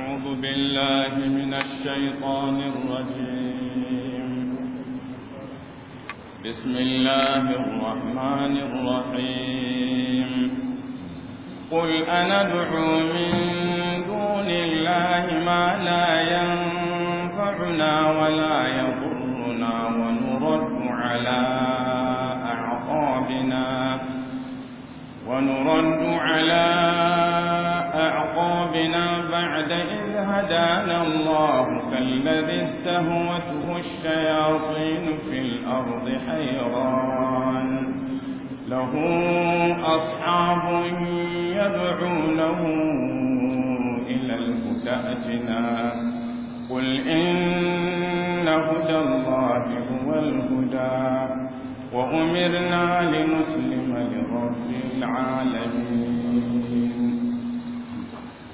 أعوذ بالله من الشيطان الرجيم بسم الله الرحمن الرحيم قل أندعو من دون الله ما لا ينفعنا ولا يضرنا ونرد على أعقابنا ونرد على أعقابنا هدانا الله كالذي استهوته الشياطين في الأرض حيران له أصحاب يدعونه إلى الهدى أجنا قل إن هدى الله هو الهدى وأمرنا لنسلم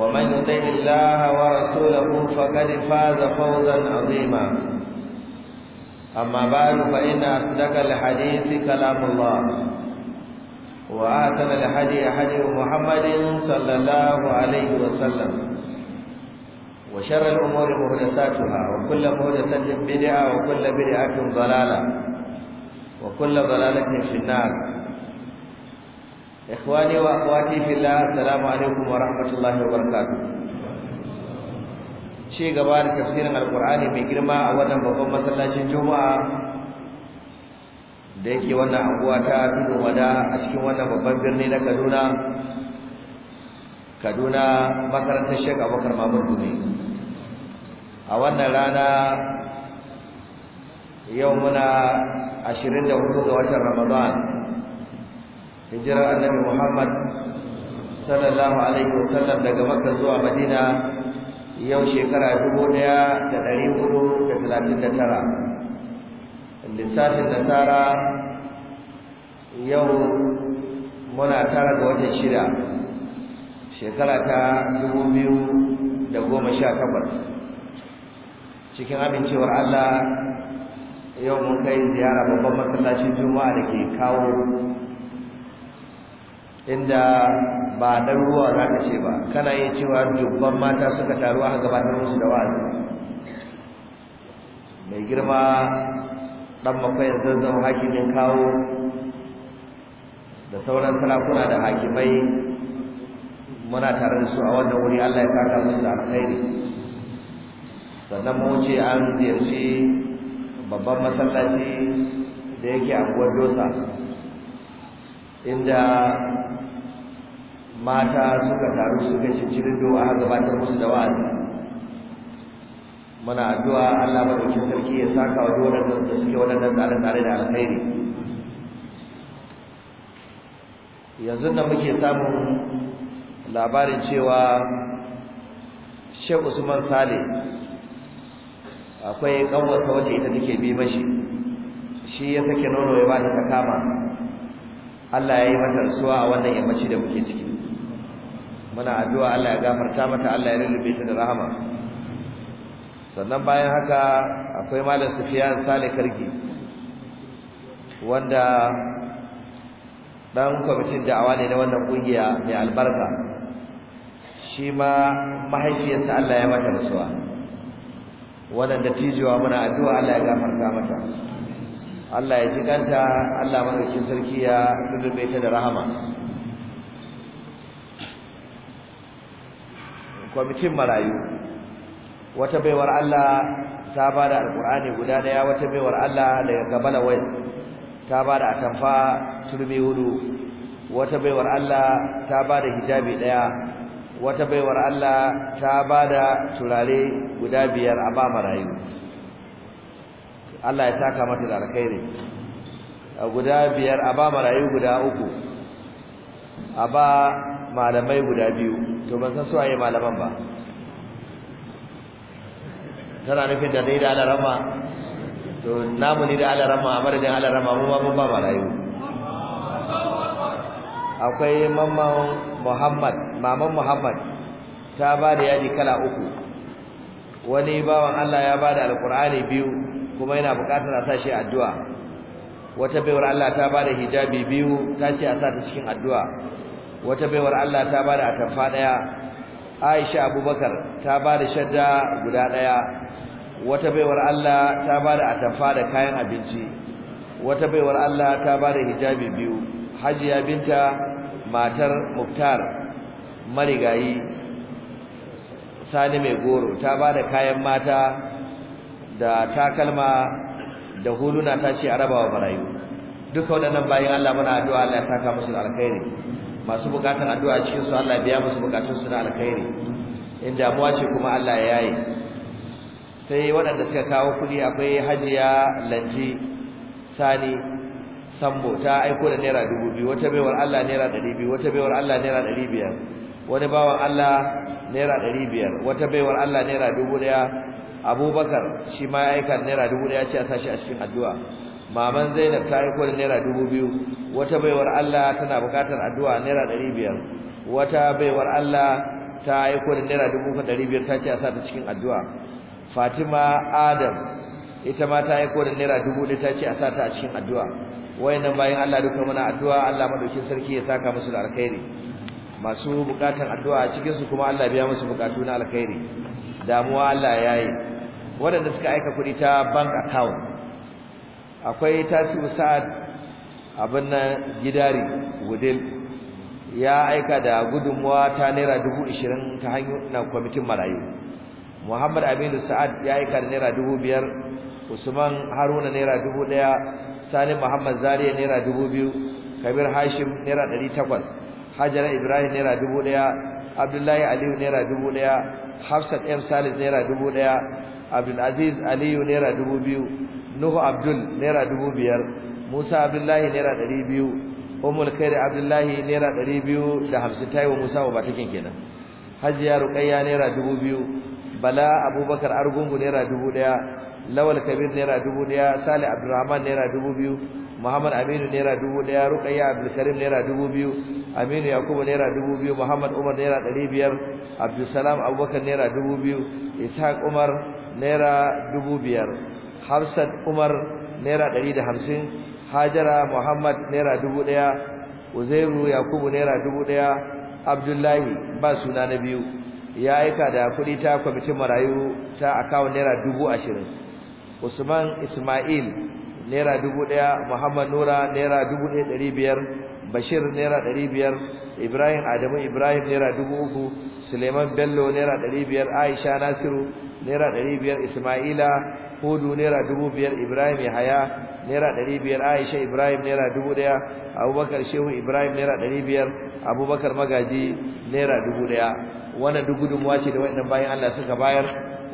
ومن يطع الله ورسوله فقد فاز فوزا عظيما أما بعد فإن أصدق الحديث كلام الله وآتنا الحديث حديث محمد صلى الله عليه وسلم وشر الأمور مهدساتها وكل مهدسة بدعة وكل بدعة ضلالة وكل ضلالة في النار ikhwani wa akhwati fillah assalamu alaikum wa rahmatullahi wa barakatuh ci gaba da tafsirin alqur'ani mai girma a wannan babban masallacin juma'a da yake wannan anguwa ta tudu wada a cikin wannan babban birni na Kaduna Kaduna makarantar Sheikh Abubakar mamun dume a wannan rana yau muna 24 ga watan Ramadan hijirar annabi Muhammad sallallahu alaihi wa sallam daga Makka zuwa Madina yau shekara dubu ɗaya da tara lissafin nasara yau muna tara ga wata shida shekara ta dubu biyu da goma sha takwas cikin amincewar Allah yau mun kai ziyara babban masallacin juma'a da ke kawo inda ba dan ruwa za ka ce ba kana iya cewa dubban mata suka taru a gabatar musu da wa'azi mai girma dan mafayin zazzau hakimin kawo da sauran sarakuna da hakimai muna tare da su a wannan wuri Allah ya saka musu da alkhairi sannan mu ce an ziyarci babban masallaci da yake a Gwadosa inda mata suka taru suka doa a gabatar musu da wa'azi muna addu'a Allah madaukakin sarki ya saka wa dole da suke wadannan tsare-tsare da alkhairi yanzu da muke samun labarin cewa Sheikh Usman Sale akwai ƙanwarsa wacce ita take bi mashi shi ya sake nono ya ba ta kama Allah ya yi mata rasuwa a wannan yammaci da muke ciki muna addu'a Allah ya gafarta mata Allah ya rubbe ta da rahama sannan bayan haka akwai malam Sufyan Sale Karki wanda dan kwamitin da'awa ne na wannan kungiya mai albarka shi ma mahaifiyarsa Allah ya mata rasuwa wannan tijiwa muna addu'a Allah ya gafarta mata Allah ya ji kanta Allah mai sarki ya rubbe ta da rahama kwamitin marayu wata baiwar Allah ta bada alqur'ani guda daya wata baiwar Allah daga gabana wai ta bada atamfa turmi hudu wata baiwar Allah ta bada hijabi daya wata baiwar Allah ta bada turare guda biyar a ba marayu Allah ya saka mata da alkhairi guda biyar a ba marayu guda uku a ba malamai guda biyu to ban san su waye malaman ba tana nufin da dai da alarama to namu ne da alarama a madadin alarama mu ma mun ba marayu akwai mamman muhammad maman muhammad ta ba da yaji kala uku wani bawan Allah ya ba da alkur'ani biyu kuma yana bukatar a sa shi addu'a wata baiwar Allah ta ba da hijabi biyu ta ce a sa ta cikin addu'a wata baiwar Allah ta bada atamfa daya Aisha Abubakar ta bada shadda guda daya wata baiwar Allah ta bada atamfa da kayan abinci wata baiwar Allah ta bada hijabi biyu Hajiya binta matar Muktar marigayi Sani mai goro ta bada kayan mata da takalma da huluna ta ce a rabawa marayu duka waɗannan bayan Allah muna addu'a Allah ya saka musu alkhairi masu bukatar addu'a cikin su Allah biya musu bukatun su na alkhairi in damuwa ce kuma Allah ya yi. sai waɗanda suka kawo kuɗi akwai hajiya lanji sani sambo ta aiko da naira dubu biyu wata baiwar Allah naira ɗari biyu wata baiwar Allah naira ɗari biyar wani bawan Allah naira ɗari biyar wata baiwar Allah naira dubu ɗaya abubakar shi ma ya aika naira dubu ɗaya ce a sashi a cikin addu'a maman Zainab ta aiko da naira dubu biyu wata baiwar Allah tana bukatar addu'a naira dari biyar wata baiwar Allah ta aiko da naira dubu dari biyar ta ce a sa ta cikin addu'a Fatima Adam ita ma ta aiko da naira dubu ɗaya ta ce a sa ta a cikin addu'a wayannan bayan Allah duka mana addu'a Allah madaukin sarki ya saka musu da alkhairi masu bukatan addu'a a cikin su kuma Allah biya musu bukatu na alkhairi damuwa Allah yayi waɗanda suka aika kuɗi ta bank account akwai tasiru sa'ad abin nan gidari gudel ya aika da gudunmuwa ta naira dubu ishirin ta hanyar na kwamitin marayu muhammad aminu sa'ad ya aika da naira dubu biyar usman haruna naira dubu ɗaya sani muhammad zariya naira dubu biyu kabir hashim naira ɗari takwas hajara ibrahim naira dubu ɗaya abdullahi aliyu naira dubu ɗaya hafsat m salis naira dubu ɗaya abdulaziz aliyu naira dubu biyu Nuhu Abdul naira dubu biyar Musa Abdullahi naira ɗari biyu Ummul Khair Abdullahi naira ɗari biyu da hamsin ta yi wa Musa wa batakin kenan Hajiya Ruqayya naira dubu biyu Bala Abubakar Argungu naira dubu ɗaya Lawal Kabir naira dubu ɗaya Sale Abdulrahman naira dubu biyu Muhammad Aminu naira dubu ɗaya Ruqayya Abdulkarim naira dubu biyu Aminu Yakubu naira dubu biyu Muhammad Umar naira ɗari biyar Abdulsalam Abubakar naira dubu biyu Ishaq Umar naira dubu biyar Hafsat Umar naira hamsin, Hajara Muhammad naira ɗaya, Uzairu Yakubu naira ɗaya, Abdullahi ba suna na biyu ya aika da kuɗi ta kwamitin marayu ta akawun naira ashirin, Usman Ismail naira ɗaya, Muhammad Nura naira biyar, Bashir naira biyar, Ibrahim Adamu Ibrahim naira uku, Suleiman Bello naira biyar, Aisha Nasiru naira biyar, Ismaila hudu naira dubu biyar ibrahim yahaya naira ɗari biyar aisha ibrahim naira dubu ɗaya abubakar shehu ibrahim naira ɗari biyar abubakar magaji naira dubu ɗaya wannan duk gudunmuwa ce da waɗannan bayan allah suka bayar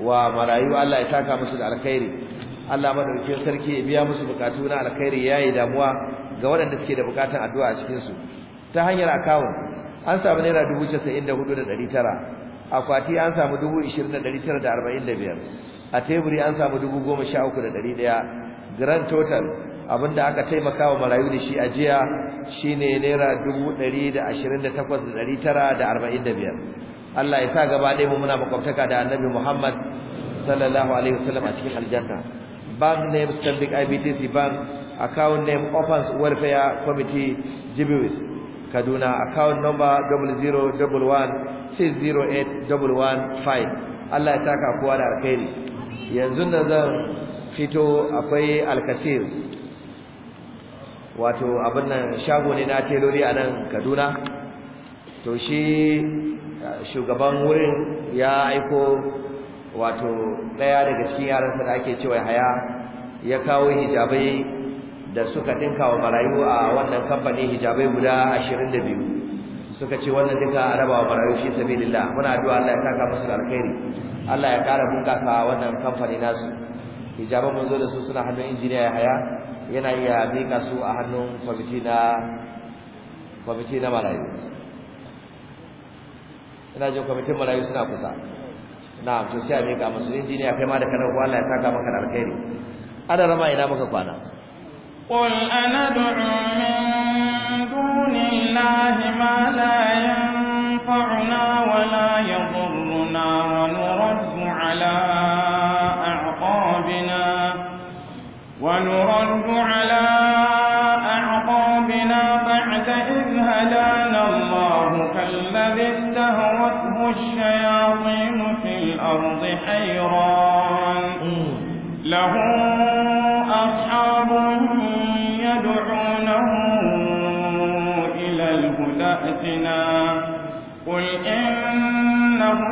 wa marayu allah ya taka musu da alkhairi allah madaukakin sarki ya biya musu bukatu na alkhairi ya yi damuwa ga waɗanda suke da bukatan addu'a a cikinsu ta hanyar akawun an samu naira dubu casa'in da hudu da ɗari tara akwati an samu dubu ishirin da ɗari tara da arba'in da biyar a teburi an samu dubu goma sha uku da ɗari ɗaya grand total abinda aka taimaka wa marayu da shi a jiya shine naira dubu ɗari da ashirin da takwas da ɗari tara da arba'in da biyar Allah ya sa gaba ɗaya mu muna makwabtaka da annabi Muhammad sallallahu alaihi wasallam a cikin aljanna bank name Stanbic IBTC bank account name Opens Welfare Committee Jibuis Kaduna account number 00116081115 Allah ya saka kowa da alkhairi yanzu da zan fito akwai alkasir wato abin shago ne na teloli a nan kaduna to shi uh, shugaban wurin ya aiko wato ɗaya daga cikin yaransa da ake cewa haya ya kawo hijabai da suka dinka wa marayu a wannan kamfanin hijabai guda ashirin da biyu suka ce wannan duka a rabawa barayu shi sabilillah muna addu'a Allah ya taka musu alkhairi Allah ya kara bunkasa wannan kamfani nasu hijaban mun zo da su suna hannun injiniya ya haya yana iya mika su a hannun kwamiti na kwamiti na marayu ina jin kwamitin marayu suna kusa na to sai a mika musu injiniya kai ma da kanar ko Allah ya taka maka alkhairi ana rama ina muka kwana قل أندعو من دون الله ما لا ينفعنا ولا يضرنا ونرد على أعقابنا ونرد على أعقابنا بعد إذ هدانا الله كالذي استهوته الشياطين في الأرض حيران له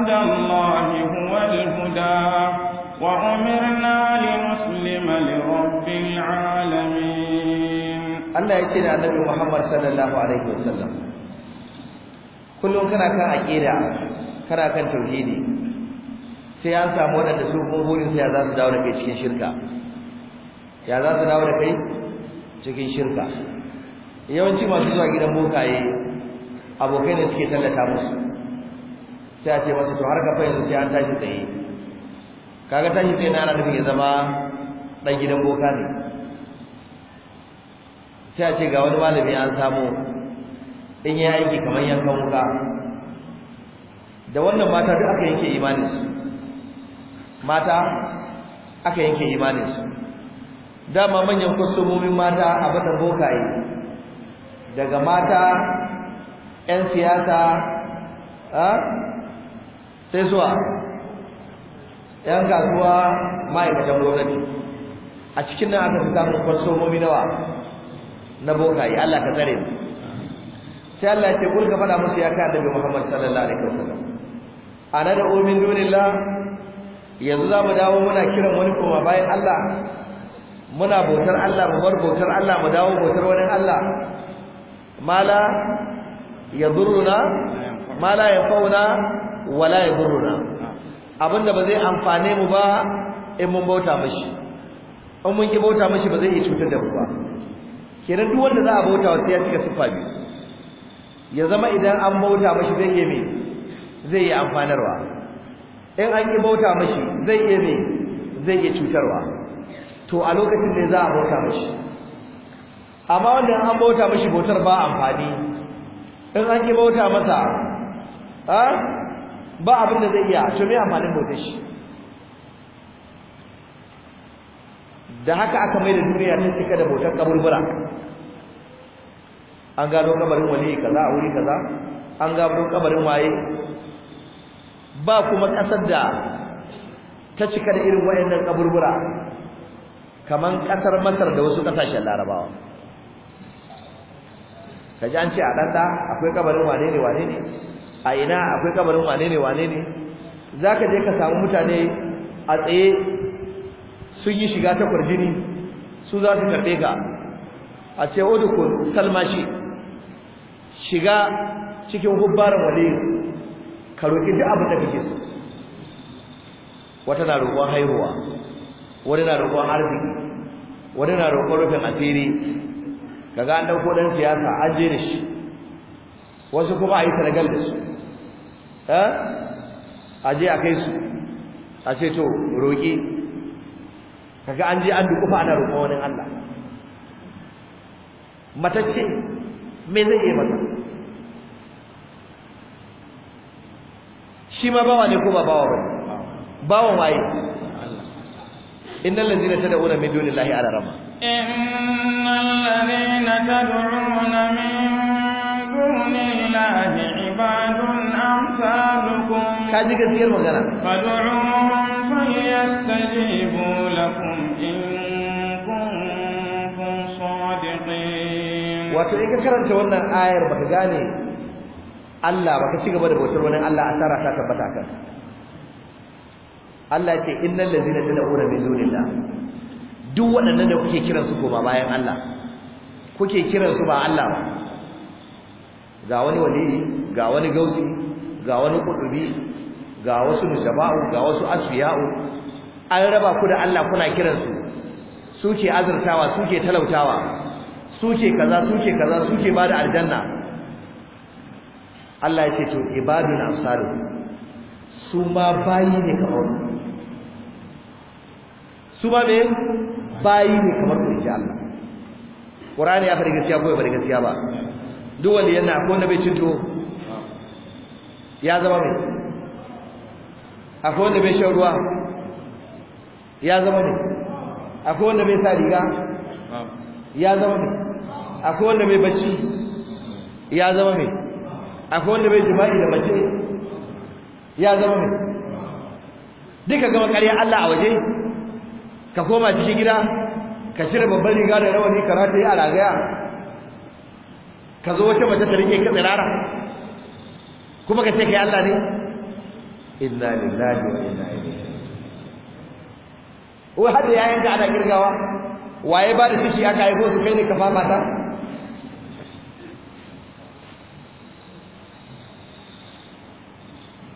هدى الله هو الهدى وأمرنا لنسلم لرب العالمين الله يكينا النبي محمد صلى الله عليه وسلم kan aƙida kana sai an samu waɗanda su kuma burin za su dawo da kai cikin shirka su dawo da kai cikin shirka yawanci masu zuwa gidan bokaye abokai ne suke tallata musu sai a ce masa to har ka fahimta sai an tashi tsaye kaga tashi tsaye na ana nufin ya zama dan gidan boka ne sai a ce ga wani malami an samu in ya aiki kamar yankan wuka da wannan mata duk aka yanke imanin su mata aka yanke imanin su dama manyan kusurumin mata a batan bokaye daga mata 'yan siyasa ah, sai zuwa yan kasuwa ma'aikatan gwamnati a cikin nan aka fi samun momi nawa na bokaye Allah ka tsare mu sai Allah ya ce kun ka faɗa musu ya kai da Muhammad sallallahu alaihi wasallam ana da umin dunillah yanzu za mu dawo muna kiran wani koma bayan Allah muna bautar Allah mu bar bautar Allah mu dawo bautar wani Allah mala yadurruna mala yafauna wala ya yadurruna abinda ba zai amfane mu ba in mun bauta mashi in mun ki bauta mashi ba zai iya cutar da mu ba kenan duk wanda za a bauta wa sai ya cika siffa biyu ya zama idan an bauta mashi zai yi zai yi amfanarwa in an ki bauta mashi zai yi me zai yi cutarwa to a lokacin ne za a bauta mashi amma wanda an bauta mashi bautar ba amfani in an ki bauta masa ha? Ah, ba abin da zai iya to me amfanin bautar shi da haka aka mai da duniya ta cika da bautar kaburbura an gano kabarin wali kaza a wuri kaza an gano kabarin waye ba kuma kasar da ta cika da irin wayannan kaburbura kamar kasar Masar da wasu kasashen Larabawa kaji an ce a ɗanɗa akwai kabarin wane ne wane ne a ina akwai kabarin wane ne wane ne zaka je ka samu mutane a tsaye sun yi shiga ta kwarjini su za su karɓe ka a ce oh, udkhul salmashi shiga cikin hubbaran wali ka roki duk abin da kake so wata na roƙon haihuwa wani na roƙon arziki wani na roƙon rufin asiri kaga an ɗauko dan siyasa an je shi wasu kuma a yi sanagal da su a je a kai su a ce to roƙi kaga an je an dukufa ana roƙon wani Allah matacce me zai iya masa shi ma bawa ne ko ba bawa ba bawan waye innal ladina tad'una min dunillahi ala rama innal ladina tad'una min dunillahi ibadun amsalukum gaskiyar magana wato in karanta wannan ayar baka gane Allah baka ci gaba da bautar wani Allah asara ta tabbata kan Allah ce innal ladina tad'una min dunillah duk waɗannan da kuke kiransu ko ba bayan Allah kuke kiransu ba Allah ba ga wani waliyi ga wani gausi ga wani kudubi ga wasu nujaba'u ga wasu asfiya'u an raba ku da Allah kuna kiransu su suke azurtawa suke talautawa suke kaza suke kaza suke ba bada aljanna Allah ya ce to ibadun amsalu su ma bayi ne kamar su ba me bayi ne kamar ku insha Allah Qur'ani ya fara gaskiya ko ya fara gaskiya ba duk wanda yana ko na bai cin tuwo ya zama mai akwai wanda bai shan ruwa ya zama mai akwai wanda bai sa riga ya zama mai akwai wanda bai bacci ya zama mai akwai wanda bai jima'i da mace ya zama mai duka gama ƙarya Allah a waje ka koma cikin gida ka cire babban riga da rawani ka rataye a ragaya ka zo wata mace ta rike ka tsirara kuma ka ce kai Allah ne inna lillahi wa inna ilaihi raji'un wai hada yayin da ana girgawa waye ba da ciki aka haifo su kai ne ka fama ta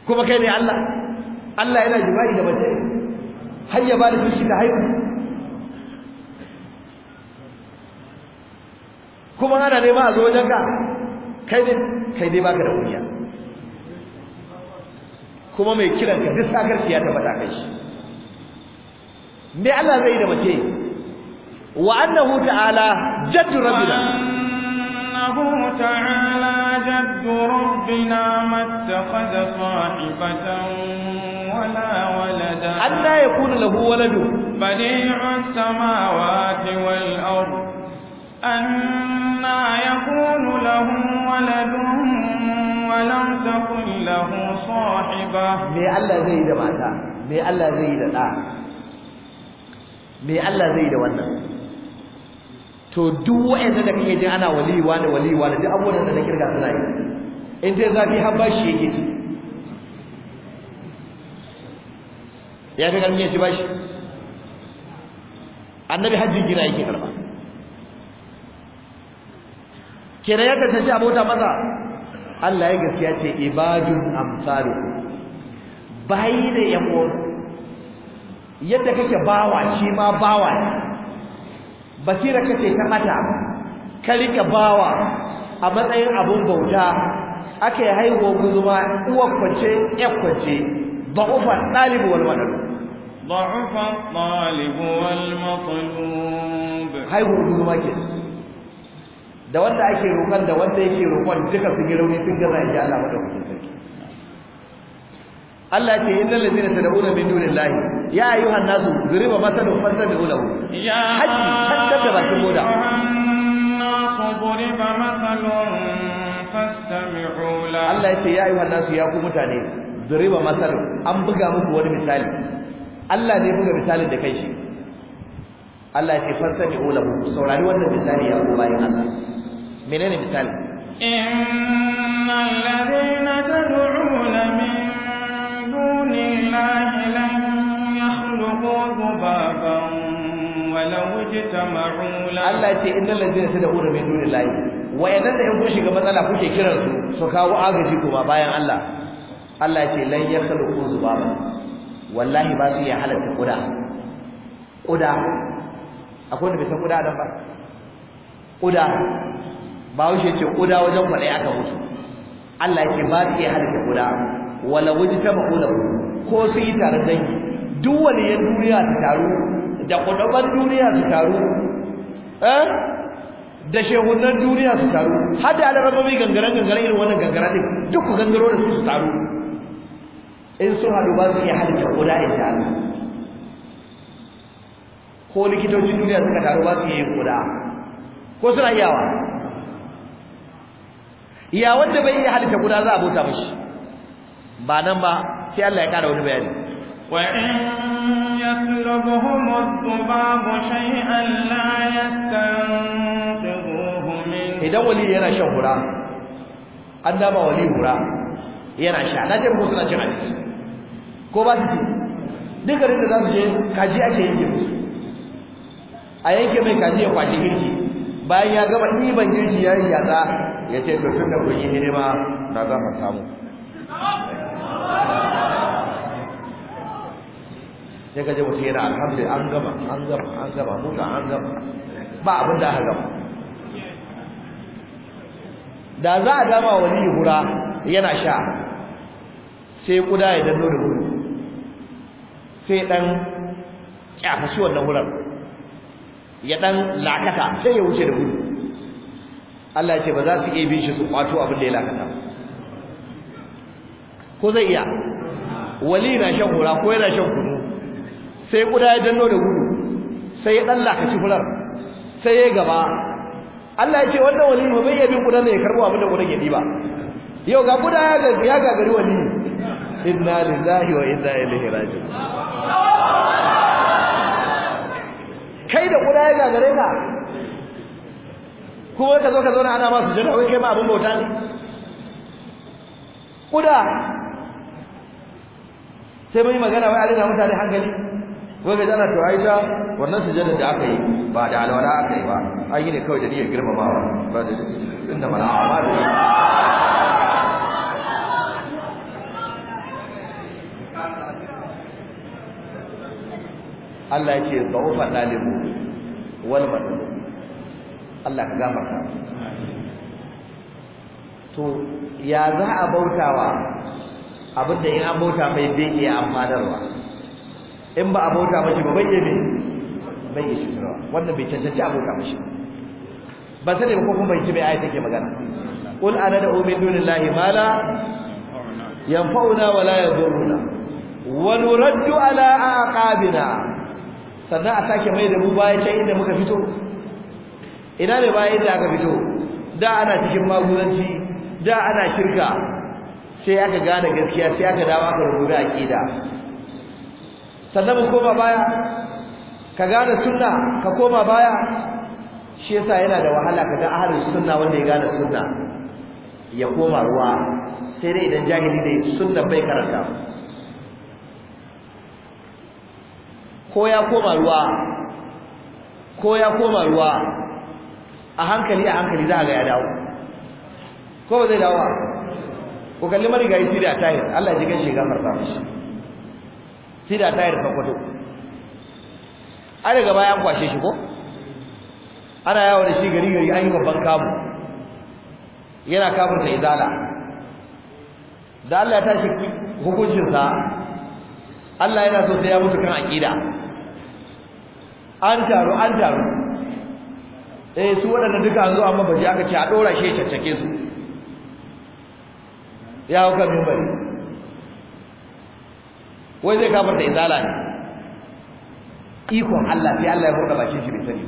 kuma kai ne Allah Allah yana jima'i da mace hayya ba da ciki ta haihu kuma ana nema a zo wajen ka kai dai kai dai baka da kunya kuma mai kiran ka duk sakarci ya tabbata kai shi me Allah zai da mace wa annahu ta'ala jaddu rabbina سبحانه تعالى جد ربنا ما اتخذ صاحبة ولا ولدا أنا يكون له ولد بديع السماوات والأرض أنا يكون له ولد ولم تكن له صاحبة مي الله زيد ما ماتا مي الله زيد لا دا مي الله زي ده to duk wanda da kake jin ana wali wani wali wani duk abubuwan da na riga suna yi in dai zafi har ba shi yake ji ya fi karmi shi ba shi annabi hajji gina yake karba kenan ya kasance abota masa Allah ya gaskiya ce ibadun amsalu bai da ya uwan yadda kake bawa shi ma bawa basira kace ta mata ka rike bawa a matsayin abun bauta aka yi haihuwar guzuma uwar kwace yar kwace da'ufa ɗalibu wal madad da'ufa ɗalibu wal matlub Haihuwa guzuma ke. da wanda ake roƙon da wanda yake roƙon duka sun yi rauni sun gaza ya Allah madaukakin sarki Allah ce innal ladina tad'una min dunillahi ya ayyuhan nasu duriba masalun fasabihu lahu ya haji shaddar da bakin boda duriba masalun fastami'u lahu Allah ya ce ya ayyuhan nasu ya ku mutane duriba masalun an buga muku wani misali Allah ne buga misalin da kai shi Allah ya ce fansani ulahu saurari wannan misali ya ku bayan Allah menene misali innal ladina tad'una min dunillahi lan yakhluqu dhubaban walau ijtama'u la Allah ya ce innal ladina tad'una min dunillahi wayannan da yanzu shiga matsala kuke kiransu su kawo agaji ba bayan Allah Allah ya ce lan yakhluqu dhubaban wallahi ba su iya halatta kuda kuda akwai wanda bai san kudaden ba kuda ba wuce ce kuda wajen kwalai aka mutu Allah yake ba su iya halitta kuda wala wajita ba kuda ko su yi tare dangi duk ya duniya su taru da kudaban duniya su taru eh da shehunan duniya su taru har da alarabobi gangaren gangaren irin wannan gangaran din duk ku gangaro da su su taru in sun haɗu ba su iya halitta kuda in ta Allah ko likitocin duniya suka taru ba su yi kuda ko suna iyawa iya wanda bai iya halitta guda za a bauta mashi ba nan ba sai Allah ya kara wani bayani wa in yaslubhum ad shay'an la yastanqidhuhu idan wali yana shan hura an dama wali hura yana sha na ce ko suna cin abinci ko ba su duka da za su je kaji ake yin musu a yanke mai kaji ya kwaji girki bayan ya gama ɗiban girki ya yatsa ya ce to tun da kun yi hidima na mu samu ya ka je mutum yana alhamdulillah an gama an gama an gama mutu an gama ba abin da aka gama da za a dama wani hura yana sha sai kuda ya danno da gudu sai dan kyafashi wannan hurar ya dan lakata sai ya wuce da gudu Allah ya ce ba za su iya bin shi su kwato abin da ya lakata ko zai iya wali na shan hura ko yana shan kunu sai kuda ya danno da gudu sai ya dan lakaci furar sai ya gaba Allah ya ce wannan wali ba bai bin kudan ne ya karbo abin da kudan ya diba yau ga kuda ya gagari wali inna lillahi wa inna ilaihi raji'un kai da kuda ya gagare ka kuma ka zo ka zo na ana masu jira wai kai ma abin bauta ne kuda sai mun yi magana wai alina mutane hankali wai bai zana to aita wannan sujada da aka yi ba da alwala aka yi ba an yi ne kawai da niyyar girmamawa ba da inda mala'a ba da Allah ya ce dhaufa dalibu wal madlub Allah ka gafarta to ya za a bautawa abinda in an bauta mai bai iya amfanarwa in ba a bauta mashi ba bai ne bai yi shirwa wannan bai cancanci a bauta mashi ba sani ba ko kuma bai ci mai ayi take magana qul ana da umin dunillahi ma la yanfa'una wa la yadurruna wa nuraddu ala aqabina sannan a sake mai da mu baya can inda muka fito ina ne baya inda aka fito da ana cikin maguzanci da ana shirka sai aka gane gaskiya sai aka dawo aka rubuta aqida sannan mu koma baya ka gane sunna ka koma baya shi yasa yana da wahala ka ga ahlus sunna wanda ya gane sunna ya koma ruwa sai dai idan jahili da sunna bai karanta ko ya koma ruwa ko ya koma ruwa a hankali a hankali za a ga ya dawo ko ba zai dawo ko kalli marigayi sida tayar, Allah ya ji kan shiga farfa mishi sida tahir fa kwato ana daga baya kwashe shi ko ana yawo da shi gari gari an yi babban kamu yana kamun ta izala da Allah ya tashi hukuncinsa Allah yana so sai ya mutu kan aqida an taru an taru eh su waɗanda duka an zo amma baje aka ce a dora shi caccake su ya hauka min bari wai zai kafar da izala ne ikon Allah sai Allah ya furta bakin shi bai sani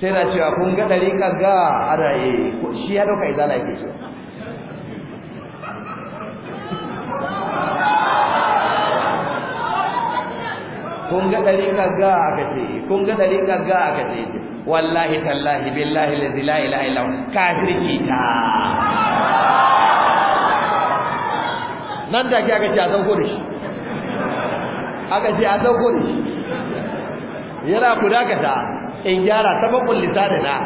sai na cewa kun ga dariƙa ga araye shi ya dauka izala yake cewa kun ga dariƙa ga aka ce kun ga dariƙa ga aka ce wallahi tallahi billahi allazi la ilaha illa hu kafirki ta nan da aka ce a sauko da shi aka ce a sauko da shi yana ku dakata in gyara sababul na,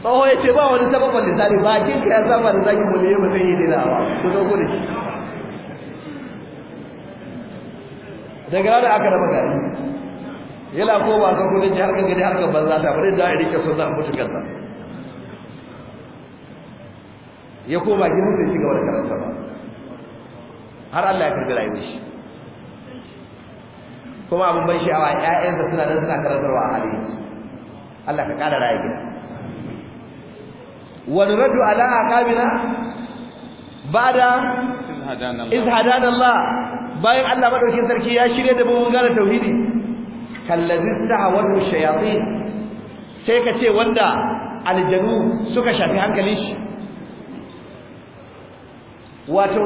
tsoho ya ce ba wani sababbin lisani ba kinka ya zama da zaki mu ne ba zai yi dinawa ku sauko da shi daga ranar aka raba gari yana ko ba san kudin ji harkar gari harkar banza ta bari da ya rike sunna a mutu kansa ya koma gidan da shi gaba da karanta ba har Allah ya karbi rayuwar shi kuma abin ban sha'awa ƴaƴansa suna nan suna karantarwa a halin Allah ka kara rayuwa gida wa nuradu ala aqabina ba'da iz hadana Allah bayan Allah madaukin sarki ya shirye da mun gane tauhidi kallazi tahawatu shayatin sai ka ce wanda aljanu suka shafi hankalin shi wato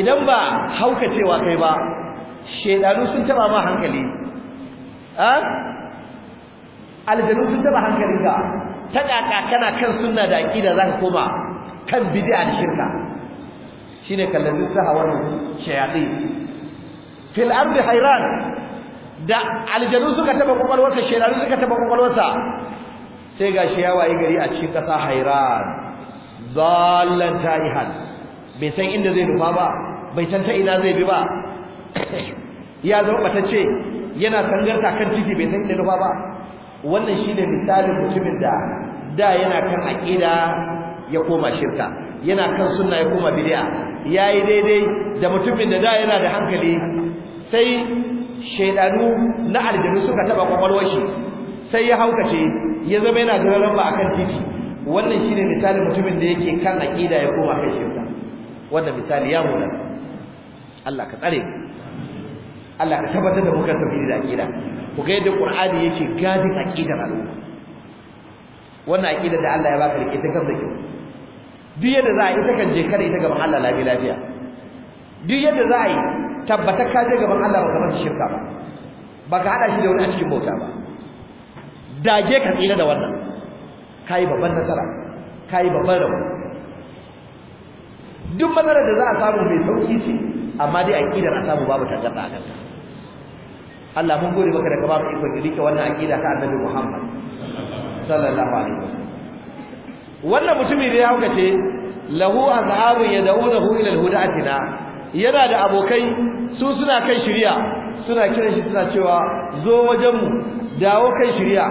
idan ba haukacewa kai ba shedanu sun taba ma hankali a aljanu sun taba hankalinka ta kaka kana kan sunna da aqida zaka koma kan bid'a da shirka shine kallazin sahawar shayatin fil ardi hayran da aljanu suka taba kokolwarsa shedanu suka taba kokolwarsa sai gashi ya waye gari a cikin kasa hayran dallan taihan bai san inda zai nufa ba bai san ta ina zai bi ba ya zama batacce yana sangarta kan titi bai san inda nufa ba wannan shine misalin mutumin da da yana kan aqida ya koma shirka yana kan sunna ya koma bid'a yayi daidai da mutumin da da yana da hankali sai shaidanu na aljanu suka taba kwakwalwar shi sai ya haukace ya zama yana gararan ba akan titi wannan shine misali mutumin da yake kan aqida ya koma kan shirka wannan misali ya mona Allah ka tsare Allah ka tabbatar da muka tafi da aqida ku ga yadda Qur'ani yake gadin aqidar al'umma wannan aqida da Allah ya baka rike ta kan da kyau duk yadda za a yi ta kan je kada ita gaban Allah lafiya lafiya duk yadda za a yi tabbatar ka je gaban Allah ba ka shirka ba ba ka haɗa shi da wani a cikin bauta ba dage ka tsira da wannan ka yi babban nasara ka yi babban rabu duk matsalar da za a samu mai sauƙi ce amma dai aƙidar a samu babu tangarɗa a kanta Allah mun gode maka da ka ba mu ikon rike wannan aƙida ta Annabi Muhammad sallallahu alaihi wasallam wannan mutumin da ya haukace lahu azhabun yad'unahu ila alhudatina yana da abokai su suna kan shiriya, suna kiran shi suna cewa zo wajen mu dawo kan shiriya,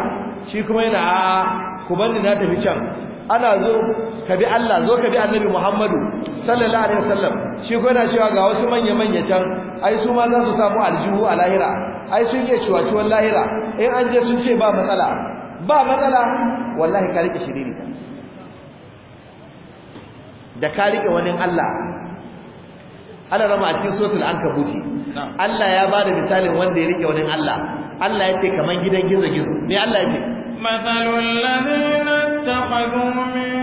shi kuma yana a ku bani na tafi can ana zo ka bi Allah zo ka bi Annabi Muhammadu sallallahu alaihi wasallam shi kuma yana cewa ga wasu manya manya can ai su ma za su samu aljihu a lahira ai sun ke cewa ciwon lahira in an je sun ce ba matsala ba matsala wallahi ka rike shiriri da ka rike wani Allah Allah rama a cikin suratul ankabuti Allah ya bada misalin wanda ya rike wani Allah Allah ya ce kaman gidan gizo gizo me Allah ya ce mathalul ladina ittakhadhu min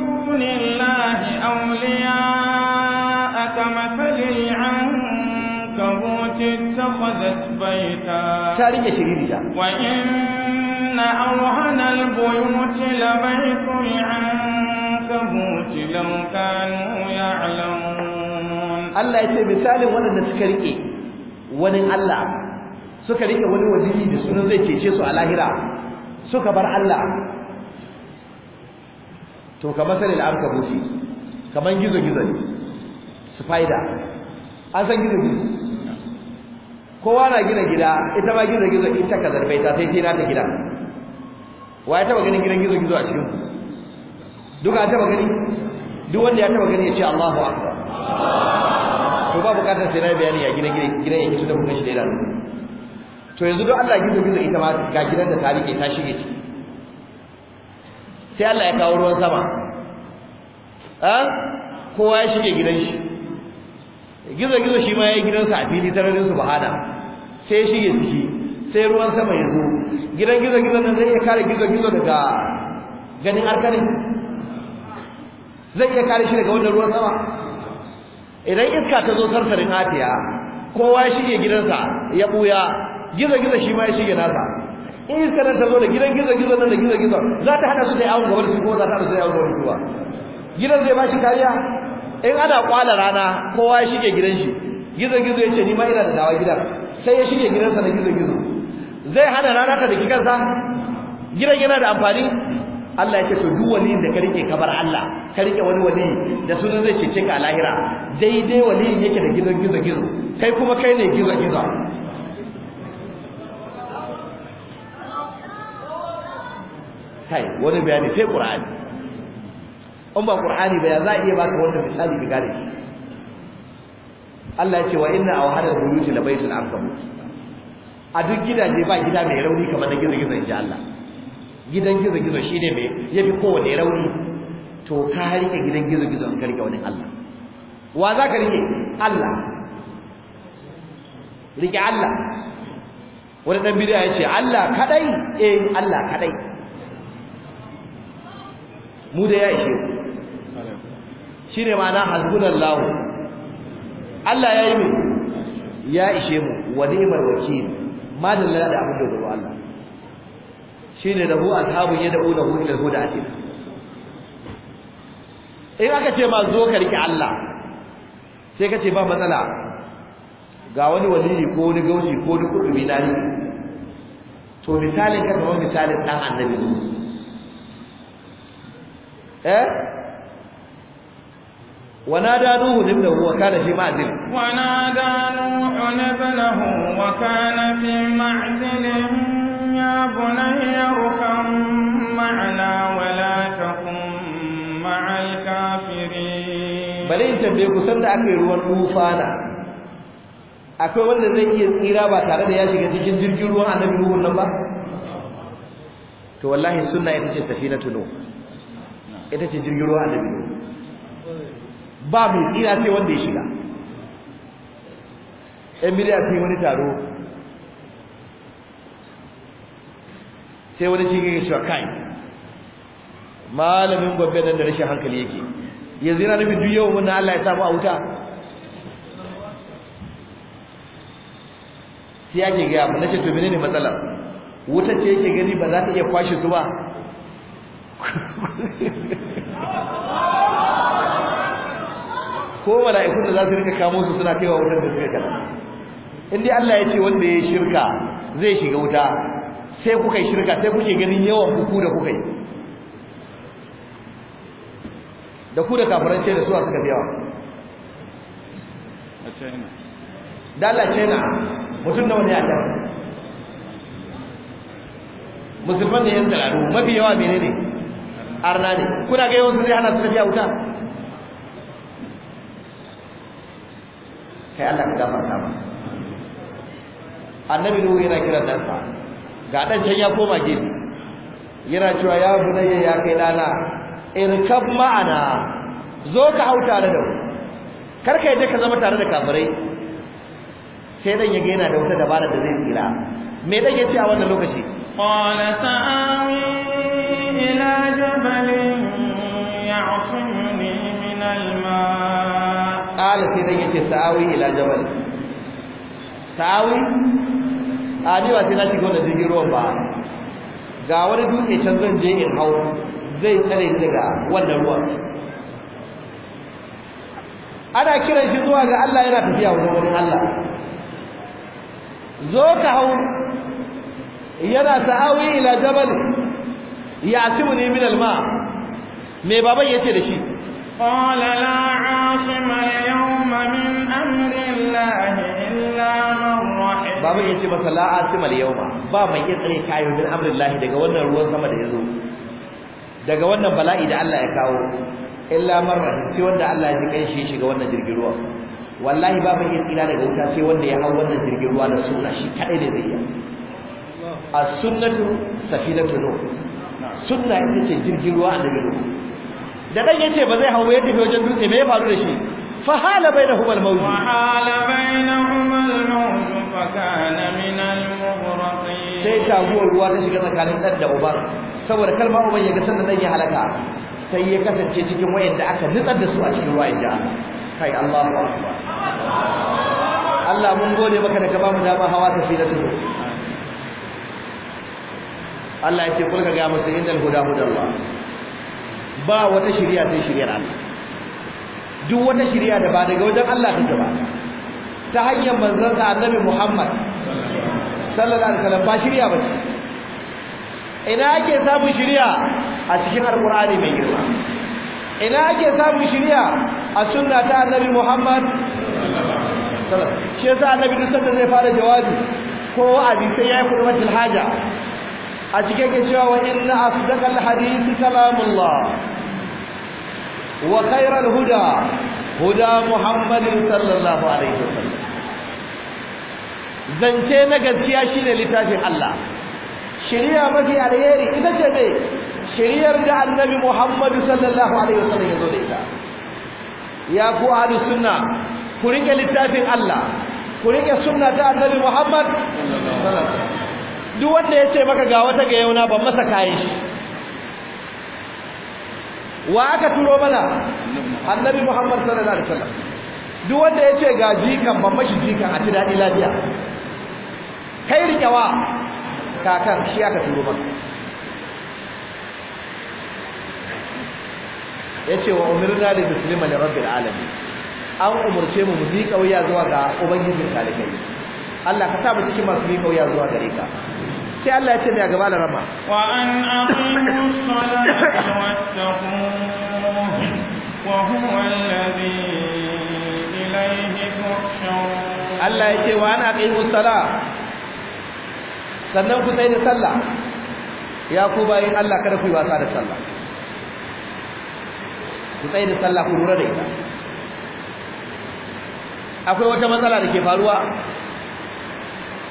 dunillahi awliya'a kamathalil عنكبوت اتخذت بيتا تاريخ شريري وإن أوهن البيوت لبيت العنكبوت التابوت لو كانوا يعلمون الله يتي مثال وانا سكريكي wani Allah suka rike wani waziri da sunan zai cece su a lahira suka bar Allah to kamar sai al'arka bushi kamar gizo gizo ne spider an san gizo gizo kowa na gina gida ita ma gizo gizo ita ka zarbe ta sai sai na ta gida wa ya taba ganin gidan gizo gizo a cikin ku duka an taba gani duk wanda ya taba gani ya ce Allahu akbar to ba bukatar sai na bayani ya gina gina ya yake da bukan shi da ran to yanzu duk Allah gizo gizo ita ma ga gidan da ta ta shige ci sai Allah ya kawo ruwan sama a kowa ya shige gidan shi gizo gizo shi ma ya yi sa a fili tararin su bahana sai ya shige ciki sai ruwan sama ya zo gidan gizo gizo nan zai iya kare gizo gizo daga ganin arkarin zai iya kare shi daga wannan ruwan sama idan iska ta zo sarsarin hatiya kowa ya shige gidansa ya buya gizo-gizo shi ma ya shige nasa in iska ta zo da gidan gizo-gizo nan da gizo-gizo za ta hana su da yawon gabar su ko za ta hana su da yawon gabar su ba gidan zai ba shi kariya in ana kwala rana kowa ya shige gidan shi gizo-gizo ya ce ni ma ina da dawa gidan sai ya shige gidansa da gizo-gizo zai hana rana ta da kansa gidan yana da amfani Allah yake to duk waliyin da ka rike kabar Allah ka rike wani wali da sunan zai cece ka lahira daidai waliyin yake da gizo gizo gizo kai kuma kai ne gizo gizo kai wani bayani sai Qur'ani in ba Qur'ani ba ya za a iya baka wannan misali ga gare shi Allah ya ce wa inna awhara buyuti labaitul ankabut a duk gidaje ba gida mai rauni kamar da gizo gizo insha Allah gidan gizo gizo shi ne mai fi kowane rauni to ka harika gidan gizo gizo in rike wani Allah wa za ka rike Allah rike Allah wani ɗan bid'a ya ce Allah kaɗai? eh Allah kaɗai. mu da ya ishe ne ma'ana lawo Allah ya yi mai ya ishe mu wani ni'mal wakil ma da abin da Allah shine hu ashabun yad'u lahu ila al-huda atina in aka ce ma zo ka Allah sai ka ce ba matsala ga wani waliri ko wani gauci ko wani kudubi na ni to misalin ka kamar misalin dan annabi eh ونادى نوح ابنه وكان في معزل ونادى نوح ابنه وكان في معزل يا بني اركم معنا ولا تكن مع bari in ku aka yi ruwan akwai wanda zai iya tsira ba tare da ya shiga cikin jirgin ruwan annabi ruhun nan ba to wallahi suna ita ce na tuno, ita ce jirgin a annabi nuh ba mai tsira sai wanda ya shiga ɗan sai wani taro sai wani shi yake cewa kai malamin gobe da rashin hankali yake yanzu yana nufin duk yau mun Allah ya samu a wuta sai yake ga mun nace to menene matsalar wuta ce yake gani ba za ta iya kwashe su ba ko mala'ikun da za su rika kamo su suna kaiwa wutar da suka kala in dai Allah ya ce wanda ya shirka zai shiga wuta sai kuka yi shirka sai kuke ganin yawan ku da kuka yi da ku da kafirai sai da suwa suka biyawa a china dala china mutum da wani ya musulman da yan tsararru mafi yawa menene arna ne kuna ga yawan su hana su biya wuta kai Allah ka gafarta ba annabi nuhu yana kiran dansa ga dan can ya koma gefe yana cewa ya bunayya ya kai dana irkab ma'ana zo ka hau tare da mu kai je ka zama tare da kafirai sai dan yage yana da wata dabara da zai tsira me dan yace a wannan lokaci qala sa'awi ila jabalin ya'sunni min al-ma qala sai dan yace sa'awi ila jabalin sa'awi a ba sai na shiga wannan jirgin ruwan ba ga wani dutse can zan je in hau zai tsare ni daga wannan ruwan ana kiran shi zuwa ga Allah yana tafiya wajen wani Allah zo ka hau yana ta'awi ila jabal ya'timuni min al-ma me baban yace da shi قال لا عاصم اليوم من أمر الله إلا من baban ya ce masa la asimal yawma ba mai iya tsare kayo min amrillahi daga wannan ruwan sama da yazo daga wannan bala'i da Allah ya kawo illa marra sai wanda Allah ya ji kai shi shiga wannan jirgin ruwa wallahi ba mai iya tsira daga wuta sai wanda ya hau wannan jirgin ruwa da suna shi kadai ne zai iya as-sunnatu safinatu nuh sunna ita ce jirgin ruwa annabi nuh da dan yace ba zai hau ya tafi wajen dutse me ya faru da shi فحال بينهما الموج وحال بينهما الموج فكان من المغرقين sai taguwar ruwa ta shiga tsakanin dan da ubar, saboda kalmar uban ya ga sannan dan ya halaka sai ya kasance cikin wayanda aka nutsar da su a cikin ruwa inda kai Allahu akbar Allah mun gode maka da ka bamu dama hawa ta siratu Allah ya ce kulka ga musu innal huda hudallah ba wata shari'a sai shari'ar Allah duk wata shirya da ba daga wajen Allah take ba ta hanyar manzon sa Annabi Muhammad sallallahu alaihi wasallam ba shirya ba ce ina ake samun shirya a cikin alqur'ani mai girma ina ake samun shirya a sunna ta Annabi Muhammad shi yasa Annabi duk sanda zai fara jawabi ko wa'azi sai yayi kurbatul haja a cikin ke cewa wa inna asdaqal hadisi kalamullah وخير الهدى هدى محمد صلى الله عليه وسلم zance na gaskiya shine littafin Allah shari'a mafi alheri ita ce ne shari'ar da annabi Muhammad sallallahu alaihi wasallam ya zo da ita ya ku ahli sunna ku rike littafin Allah ku rike sunna ta annabi Muhammad sallallahu alaihi wasallam duk wanda ya ce maka ga wata ga yau na ban masa kayi shi wa aka turo mana annabi muhammad sallallahu alaihi wasallam duk wanda ya ce ga jikan ban mashi jikan a tidadi lafiya kai rikewa kakan shi aka turo mana ya wa umirna li muslima li rabbil alamin an umarce mu mu bi zuwa ga ubangijin kalikai Allah ka sa mu cikin masu bi kauya zuwa gare ka sai Allah ya ce mai gaba da rama Allah ya ce wa an aqimu musala? sannan ku sai da sallah ya ku bayin Allah kada ku yi wasa da sallah ku sai da sallah ku lura da ita akwai wata matsala da ke faruwa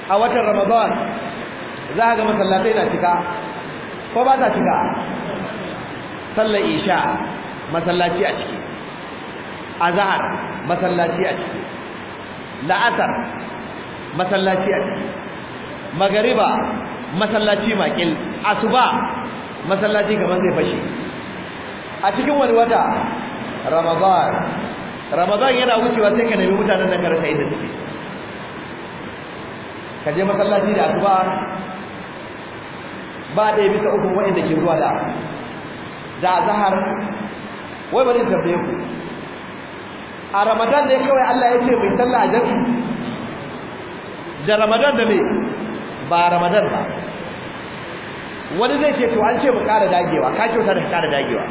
a watan Ramadan za a ga masallatai na cika ko ba ta cika sallar isha masallaci a ciki azhar masallaci a ciki la'asar masallaci a ciki magariba masallaci makil asuba masallaci kamar zai fashe a cikin wani wata ramadan ramadan yana wucewa sai ka nemi mutanen nan karanta inda suke ka je masallaci da asuba ba ɗaya bisa ukun waɗanda ke zuwa da da zahar wai bari in tambaye ku a ramadan ne kawai Allah ya ce mai sallah a jami'i da ramadan da ne ba ramadan ba wani zai ce to an ce mu kara dagewa ka kyauta da kara dagewa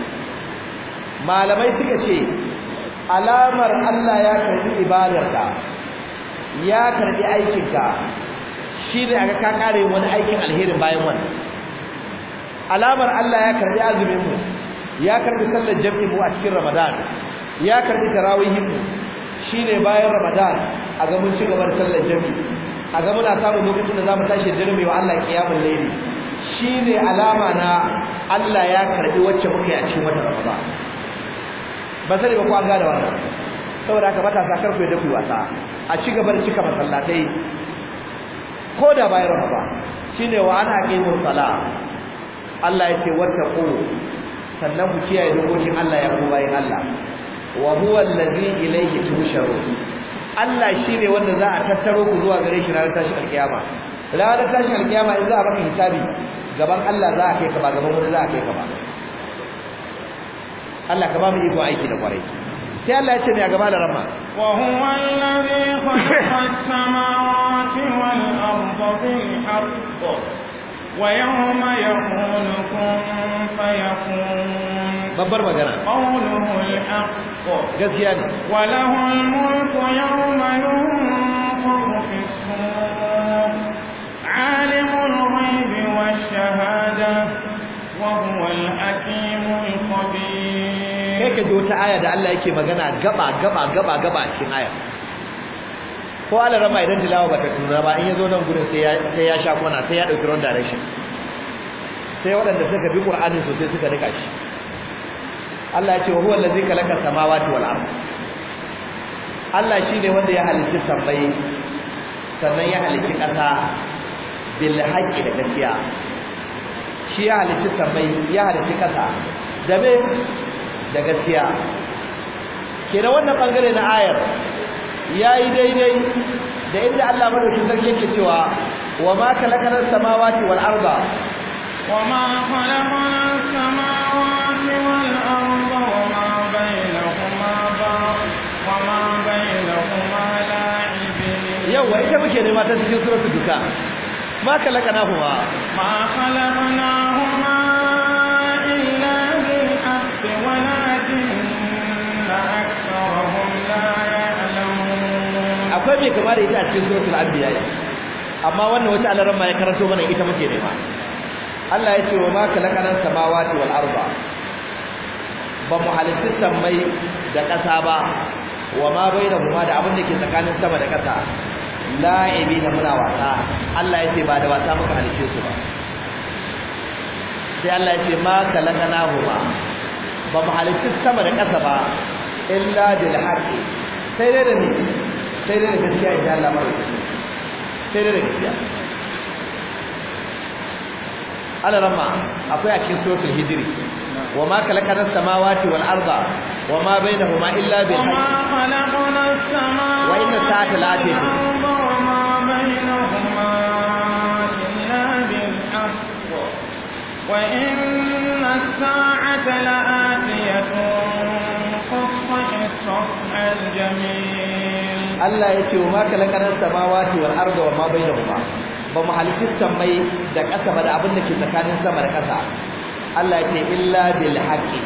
malamai suka ce alamar Allah ya karbi ibadarka ya karbi aikinka shi ne aka ka kare wani aikin alherin bayan wani. alamar Allah ya karbi azumin mu ya karbi sallar jami'i mu a cikin Ramadan ya karbi tarawihin mu shine bayan Ramadan a ga mun ci gaba da sallar jami'i a ga muna samun lokacin da zamu tashi da wa Allah kiyamul layli shine alama na Allah ya karbi wacce muka yi a cikin wannan Ramadan ba sai ba ku an gane wannan saboda haka matasa kar ku da ku wasa a ci gaba da cika masallatai ko da bayan Ramadan shine wa ana qimu musala. Allah yake wata qulu sannan ku kiyaye dokokin Allah ya kuma yin Allah wa huwa allazi ilayhi tusharun Allah shine wanda za a tattaro ku zuwa gare shi ranar tashin alkiyama ranar tashin alkiyama in za a maka hisabi gaban Allah za a kai ka ba gaban wani za a kai ka ba Allah ka ba mu iko aiki da kwarai sai Allah ya ce mai gaba da rama wa huwa allazi khalaqa as-samawati wal arda bil haqq ويوم يقول كن فيكون babbar magana qawluhul haqq gaskiya ne walahul mulku yawma yunfaru fi sur alimul ghaibi shahada wa huwal hakimul khabir kai ka ji ta aya da Allah yake magana gaba cikin aya ko ala rama idan tilawa bata tura ba in yazo nan gurin sai ya sai ya sha kona sai ya dauki wrong direction sai waɗanda suka bi so sosai suka rika shi Allah ya ce wa huwa allazi khalaqa samawati wal ard Allah shine wanda ya halicci sabai sannan ya halicci ƙasa bil haqqi da gaskiya shi ya halicci sabai ya halicci ƙasa da me da gaskiya kira wannan bangare na ayar Ya yi daidai da inda Allah madaukakin sarki yake cewa wa ma samawa samawati wal arda wa ma samawa samawati wal arda wa ma bainahuma wa ma bainahuma la'ibin yau wa ita muke nema ta cikin suratul duka ma khalaqana huma ma khalaqana huma akwai mai kama da ita a cikin suratul anbiya amma wannan wata alaran ma ya karanto mana ita muke nema Allah ya ce wa ma kalakana samawati wal arda ba mu halitta sammai da ƙasa ba wa ma huma da abin da ke tsakanin sama da ƙasa la'ibi da muna wasa Allah ya ce ba da wasa muka halice su ba sai Allah ya ce ma kalakana huma ba mu halitta sama da ƙasa ba illa bil haqqi sai dai da ni سيري ركسيا إجال لما سيري ركسيا على رمى أقول أكين وما خلقنا السماوات والأرض وما بينهما إلا بالحق وما خلقنا السماوات وإن الساعة الآتية وما بينهما إلا بالحق وإن الساعة الآتية Allah ya ce wa ma kalakarar samawati wal arda wa ma bainahuma ba mu halitta sammai da ƙasa ba da abin da ke tsakanin sama da ƙasa Allah ya ce illa bil haqqi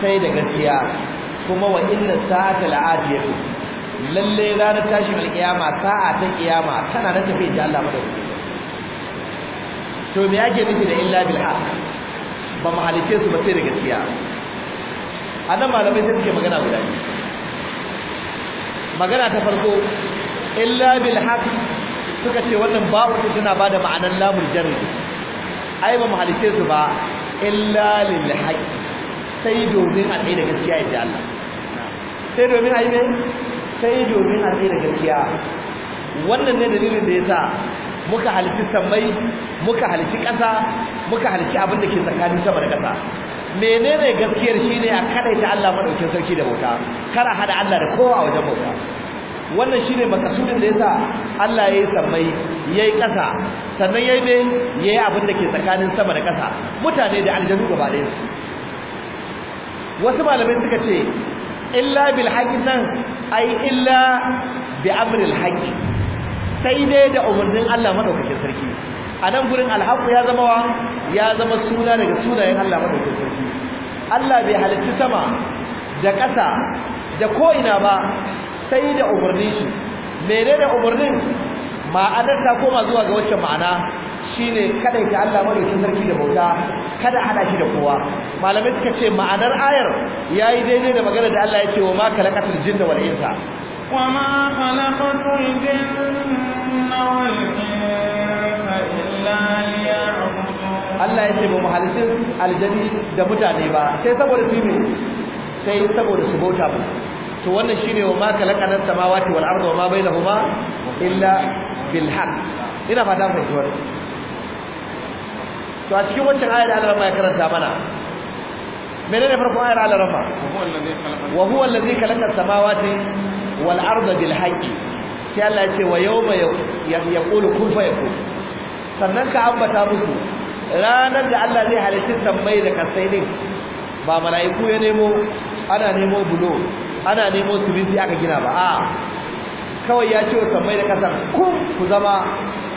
sai da gaskiya kuma wa inna sa'ata la'atiyatu lalle ranar tashin alkiyama sa'a ta kiyama tana da tafi da Allah madauki to me yake nufi da illa bil haqq ba mu halitta su ba sai da gaskiya anan malamai sai suke magana guda biyu magana ta farko illa bil haq suka ce wannan babu tana bada ma'anan lamul jarri ai ba mu halice su ba illa lil haq sai domin a tsaye da gaskiya yadda Allah sai domin a yi ne sai domin a tsaye da gaskiya wannan ne dalilin da yasa muka halici sammai muka halici ƙasa muka halici abin da ke tsakanin sama da ƙasa menene gaskiyar shine a kadaita Allah madaukin sarki da bauta kar hada Allah da kowa a wajen bauta wannan shine makasudin da yasa Allah yayi sammai yayi ƙasa sannan yayi ne yayi abin da ke tsakanin sama da ƙasa mutane da aljanu gaba ɗaya wasu malamai suka ce illa bil haqqi nan ai illa bi amril haqqi sai dai da umarnin Allah madaukakin sarki a nan gurin alhaqu ya zama ya zama suna daga sunayen Allah madaukakin sarki Allah bai halitta sama da ƙasa da ko ina ba sai da umarnin shi menene umarnin ma'anar ta koma zuwa ga wacce ma'ana shine kada ki Allah madaukakin sarki da bauta kada hada shi da kowa malamai suka ce ma'anar ayar yayi daidai da magana da Allah ya ce wa ma kalaqatul jinna wal insa وما خلقت الجن والإنس إلا ليعبدون الله يتبع محلسين الجن دمتا نيبا سيسبب الفيمي سيسبب السبوتا to wannan shine wa ma kalakana samawati wal ardi wa ma illa bil ina fata mun fahimci to a cikin wannan ayar Allah ya karanta mana menene farkon ayar Allah rafa wa huwa allazi khalaqa wal arda bil haqqi sai Allah ya ce wa yawma yaqulu kun fayakun sannan ka ambata musu ranar da Allah zai halitta tambayi da kasai din ba mala'iku ya nemo ana nemo bulo ana nemo siminti aka gina ba a kawai ya ce wa tambayi da kasar kun ku zama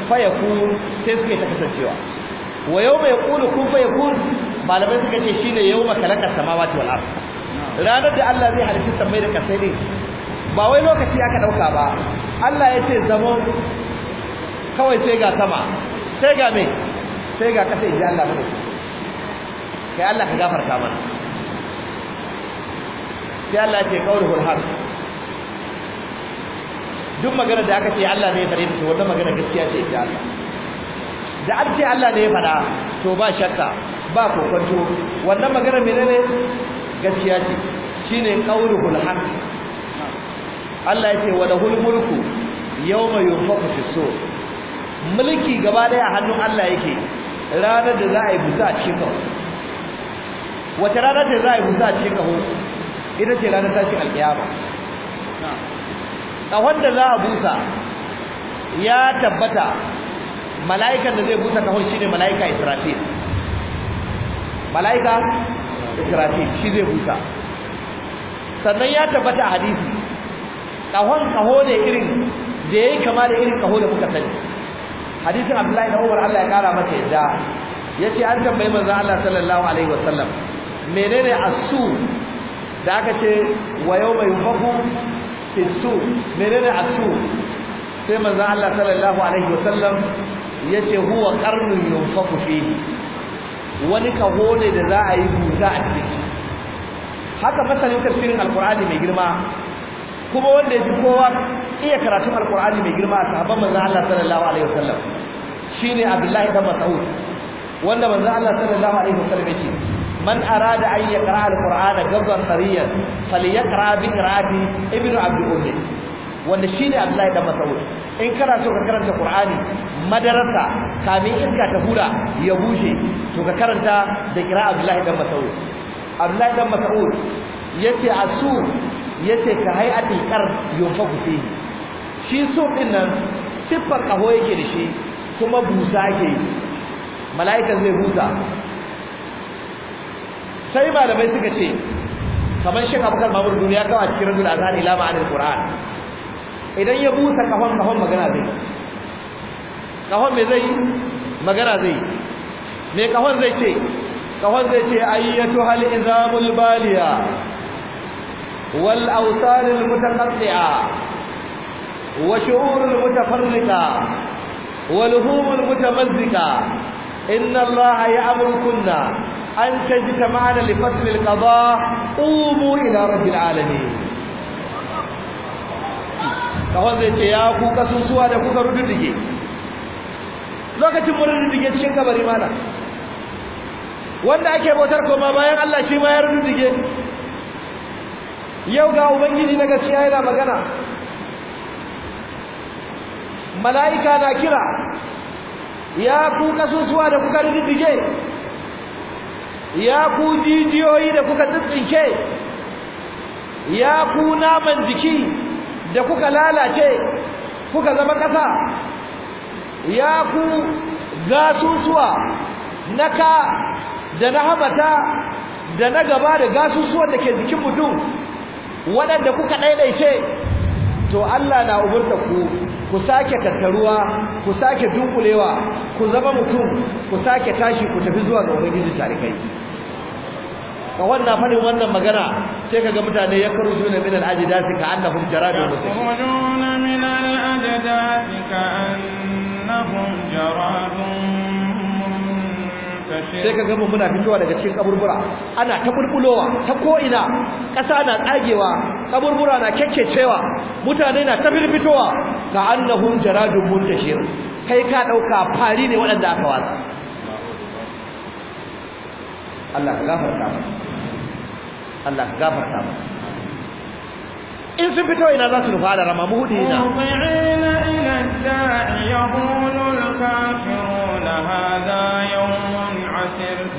fayakun sai suka ta kasancewa wa yawma yaqulu kun fayakun malamai suka ce shine yawma kalaka samawati wal ard ranar da Allah zai halitta tambayi da kasai ne ba wai lokaci aka ɗauka ba Allah ya ce zama kawai sai ga sama sai ga me sai ga kasa ji Allah mai kai Allah ka gafarta mana sai Allah ya ce qaulul haq duk magana da aka ce Allah ne ya fare ta wannan magana gaskiya ce inji Allah da an ce Allah ne ya fara to ba shakka ba kokonto wannan magana menene gaskiya ce shine qaulul haq Allah ya ce wa lahul mulku yawma yunfaqu fi sur mulki gaba daya a hannun Allah yake ranar da za a yi busa a cikin kawo wata ranar da za a yi busa a cikin kawo ita ce ranar tashin alkiyama A wanda za a busa ya tabbata mala'ika da zai busa kahon shine mala'ika Israfil mala'ika Israfil shi zai busa sannan ya tabbata a hadisi kahon kaho ne irin da yayi kama da irin kaho da kuka sani hadisin Abdullahi da Umar Allah ya kara masa yadda yace an tambayi manzon Allah sallallahu alaihi wasallam menene asu da aka ce wa yawma yufaku fi su menene asu sai manzon Allah sallallahu alaihi wasallam yace huwa qarnun yunfaku fihi wani kaho ne da za a yi busa a ciki haka masalin tafsirin alqur'ani mai girma kuma wanda ya fi kowa iya karatun alkur'ani mai girma a sahabban manzon Allah sallallahu alaihi wasallam shine Abdullahi dan Mas'ud wanda manzon Allah sallallahu alaihi wasallam yake man arada an yaqra alqur'ana gabban sariyan falyaqra bi qira'ati ibnu abd ummi wanda shine Abdullahi dan Mas'ud in kana so ka karanta Qur'ani madarasa kamin iska ta hura ya bushe to ka karanta da kira Abdullahi dan Mas'ud Abdullahi dan Mas'ud a su yake ka a tikar yunfa fihi shi su din nan siffar kaho yake da shi kuma busa ke. mala'ikan zai busa sai malamai suka ce kamar shi abubakar mamur duniya kawai cikin rajul azhar ila ma'anil qur'an idan ya busa kahon kahon magana zai kahon me zai magana zai me kahon zai ce kahon zai ce ayyatu hal izamul baliya والأوتار المتقطعة وشعور المتفرقة ولهوم المتمزقة إن الله يأمركن أن تجتمعن لفصل القضاء قوموا إلى رب العالمين kawai zai ce ya ku kasusuwa da kuka rududdige lokacin mun rududdige cikin kabari mana wanda ake bautar koma bayan Allah shi ma ya rududdige yau ga ubangiji na gaskiya yana magana mala'ika na kira ya ku kasusuwa da kuka riddige ya ku jijiyoyi da kuka tsintsinke ya ku naman jiki da kuka lalace kuka zama ƙasa ya ku gasusuwa na ka da na hamata da na gaba da gasusuwan da ke jikin mutum waɗanda kuka ɗaiɗaice to Allah na ubarta ku ku sake tattaruwa ku sake dunkulewa ku zama mutum ku sake tashi ku tafi zuwa ga ubangiji tare kai ka wannan fani wannan magana sai ka ga mutane ya minan min al su ka annahum jaradun jara min al sai ka gama muna fitowa daga cikin kaburbura ana ta bulbulowa ta ko'ina ƙasa na tsagewa kaburbura na cewa. mutane na ta firfitowa ka annahum jaradun muntashir kai ka ɗauka fari ne waɗanda aka wata. Allah ka gafarta Allah ka in sun fito ina za su nufa da rama muhudi ina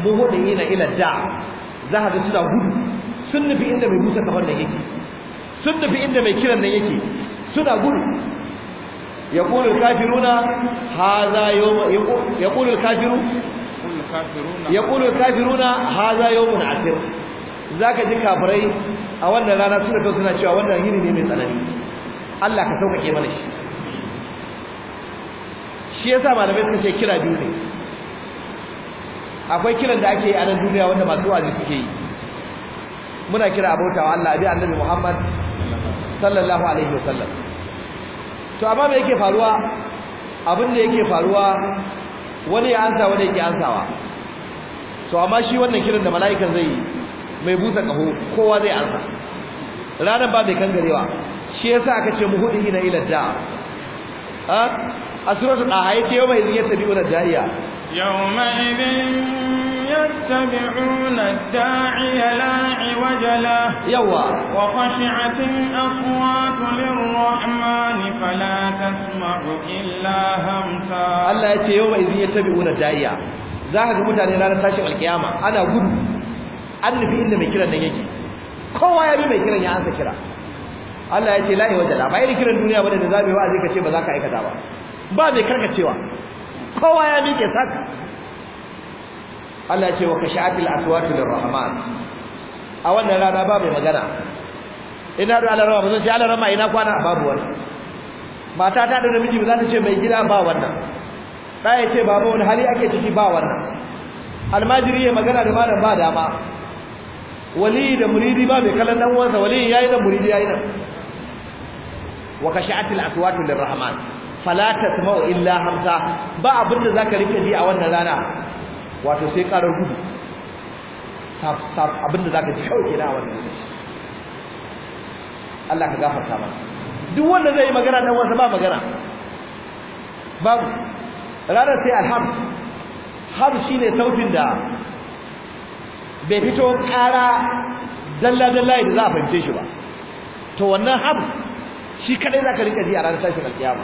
muhudi ina ila da za ka suna gudu sun nufi inda mai busa kafar da yake sun nufi inda mai kiran da yake suna gudu ya الكافرون هذا يوم يقول الكافرون يقول الكافرون هذا يوم عسير zaka ji kafirai a wannan rana suna kan suna cewa wannan yini ne mai tsanani Allah ka sauƙaƙe mana shi shi yasa malamai suka ce kira biyu ne akwai kiran da ake yi a nan duniya wanda masu wazi suke yi muna kira abautawa Allah abi annabi Muhammad sallallahu alaihi wasallam to amma me yake faruwa abin da yake faruwa wani ya ansa wani yake ansawa to amma shi wannan kiran da mala'ikan zai yi mai busa kaho kowa zai ansa ranar ba mai kangarewa shi yasa aka ce muhudi ila ila da a asuratul ahaya ce yau mai ziyar tabi'una da'iya yawma idin يتبعون الداعي لا عوج له يوا وخشعت الأصوات للرحمن فلا تسمع إلا همسا الله يتي يوم إذ za ka ذاك متى ranar tashin alkiyama. Ana gudu. an nufi inda mai kiran nan yake kowa ya bi mai kiran ya ansa kira Allah ya ce la ilaha illallah bai kiran duniya ba da zabi wa zai ce ba za ka aikata ba ba mai karkacewa kowa ya miƙe saka Allah ya ce wa kashatil aswatu lirrahman a wannan rana ba mai magana ina da Allah rama sai ce Allah rama ina kwana babu wani mata ta da namiji ba za ta ce mai gida ba wannan ɗaya ce babu wani hali ake ciki ba wannan almajiri ya magana da malam ba dama wali da muridi ba mai kallon dan uwansa wali yayi da muridi yayi da wa kashatil aswatu lirrahman fala tasma'u illa hamsa ba abin da zaka rike ji a wannan rana wato sai karar gudu tap tap abin da zaka ji kawai kenan a wannan lokaci Allah ka gafarta ba. duk wanda zai yi magana dan uwansa ba magana babu ranar sai alham ham shine sautin da bai fito ƙara dalla-dalla yadda za a fahimce shi ba to wannan hab shi kaɗai za ka rika ji a ranar tashin alkiyama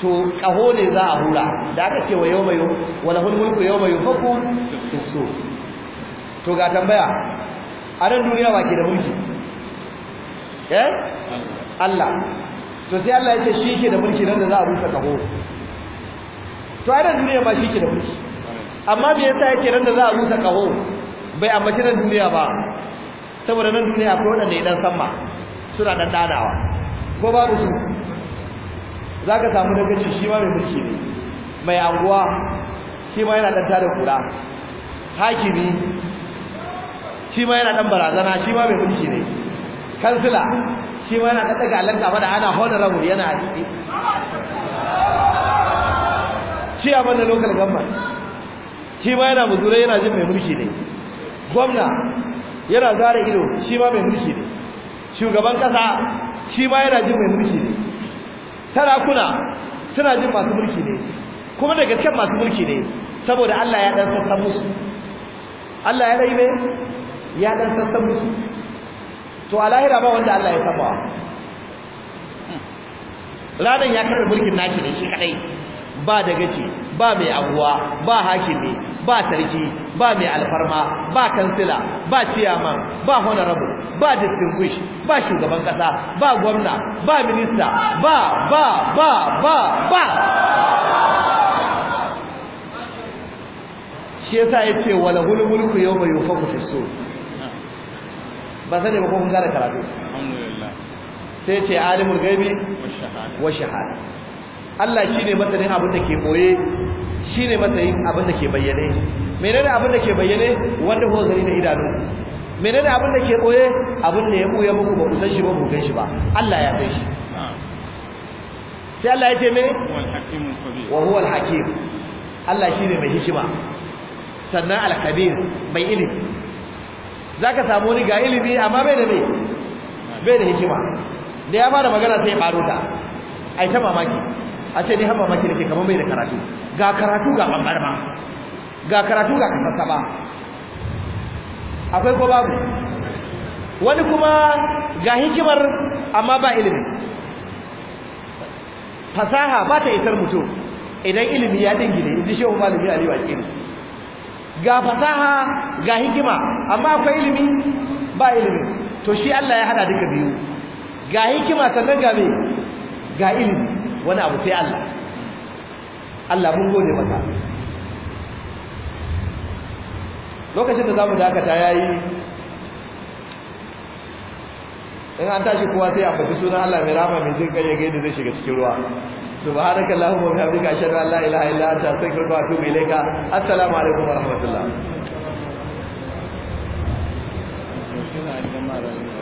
to ƙaho ne za a hula da aka ce wa yau mai wani hulmulku yau mai faku so to ga tambaya a nan duniya ba ke da mulki eh Allah to sai Allah ya ce shi ke da mulki nan da za a rusa ƙaho to a nan duniya ba shi ke da mulki amma me yasa yake nan da za a rusa kaho bai ambaci nan duniya ba saboda nan duniya akwai wadanda idan dan samma suna dan dadawa ko babu su zaka samu dagaci shi ma mai mulki ne mai anguwa shi ma yana dan tada kula. hakimi shi ma yana dan barazana shi ma mai mulki ne kansila shi ma yana dan daga alanka ba da ana rabu yana hakiki ciyaman na local government shi ma yana muzurai yana jin mai mulki ne gwamna yana zara ido shi ma mai mulki ne shugaban kasa shi ma yana jin mai mulki ne sarakuna suna jin masu mulki ne kuma da gaske masu mulki ne saboda Allah ya dan sassan musu Allah ya rai ne ya dan sassan musu to a lahira ba wanda Allah ya saba ranan ya karɓi mulkin naki ne shi kadai ba da gaci ba mai abuwa, ba hakimi ba sarki ba mai alfarma ba kansila ba ciyama, ba honorable ba distinguished ba shugaban kasa ba gwamna ba minista ba ba ba ba ba shi yasa yace wala hul yau mai yufaku fi so? ba sai ba ko kun gane karatu alhamdulillah sai ce alimul gaibi wa shahada Allah shi ne masanin abin da ke ɓoye, shi ne masanin abin da ke bayyane menene abin da ke bayyane wanda ko zari da idanu menene abin da ke ɓoye abin da ya ɓoye muku ba ku san shi ba ku gan shi ba Allah ya san shi sai Allah ya ce me wa huwa al-hakim Allah ne mai hikima sannan al-kabir mai ilimi zaka samu ni ga ilimi amma bai da me bai da hikima da ya fara magana sai ya baro ta ai ta mamaki a ce ni haba maki nake kamar bai da karatu ga karatu ga bambar ma ga karatu ga kasassa ba akwai ko babu wani kuma ga hikimar amma ba ilimi fasaha ba ta isar mutum idan ilimi ya dingine in ji shehu a liwa alƙiri ga fasaha ga hikima amma akwai ilimi ba ilimi to shi Allah ya hada duka biyu ga hikima sannan ga me ga ilimi wani abu sai Allah Allah mun gode masa lokacin da zamu dakata yayi in an tashi kowa sai a fashi sunan Allah mai rahama mai jin kai ga da zai shiga cikin ruwa subhanaka allahumma wa bihamdika ashhadu an la ilaha illa anta astaghfiruka wa atubu ilaika assalamu alaikum wa rahmatullah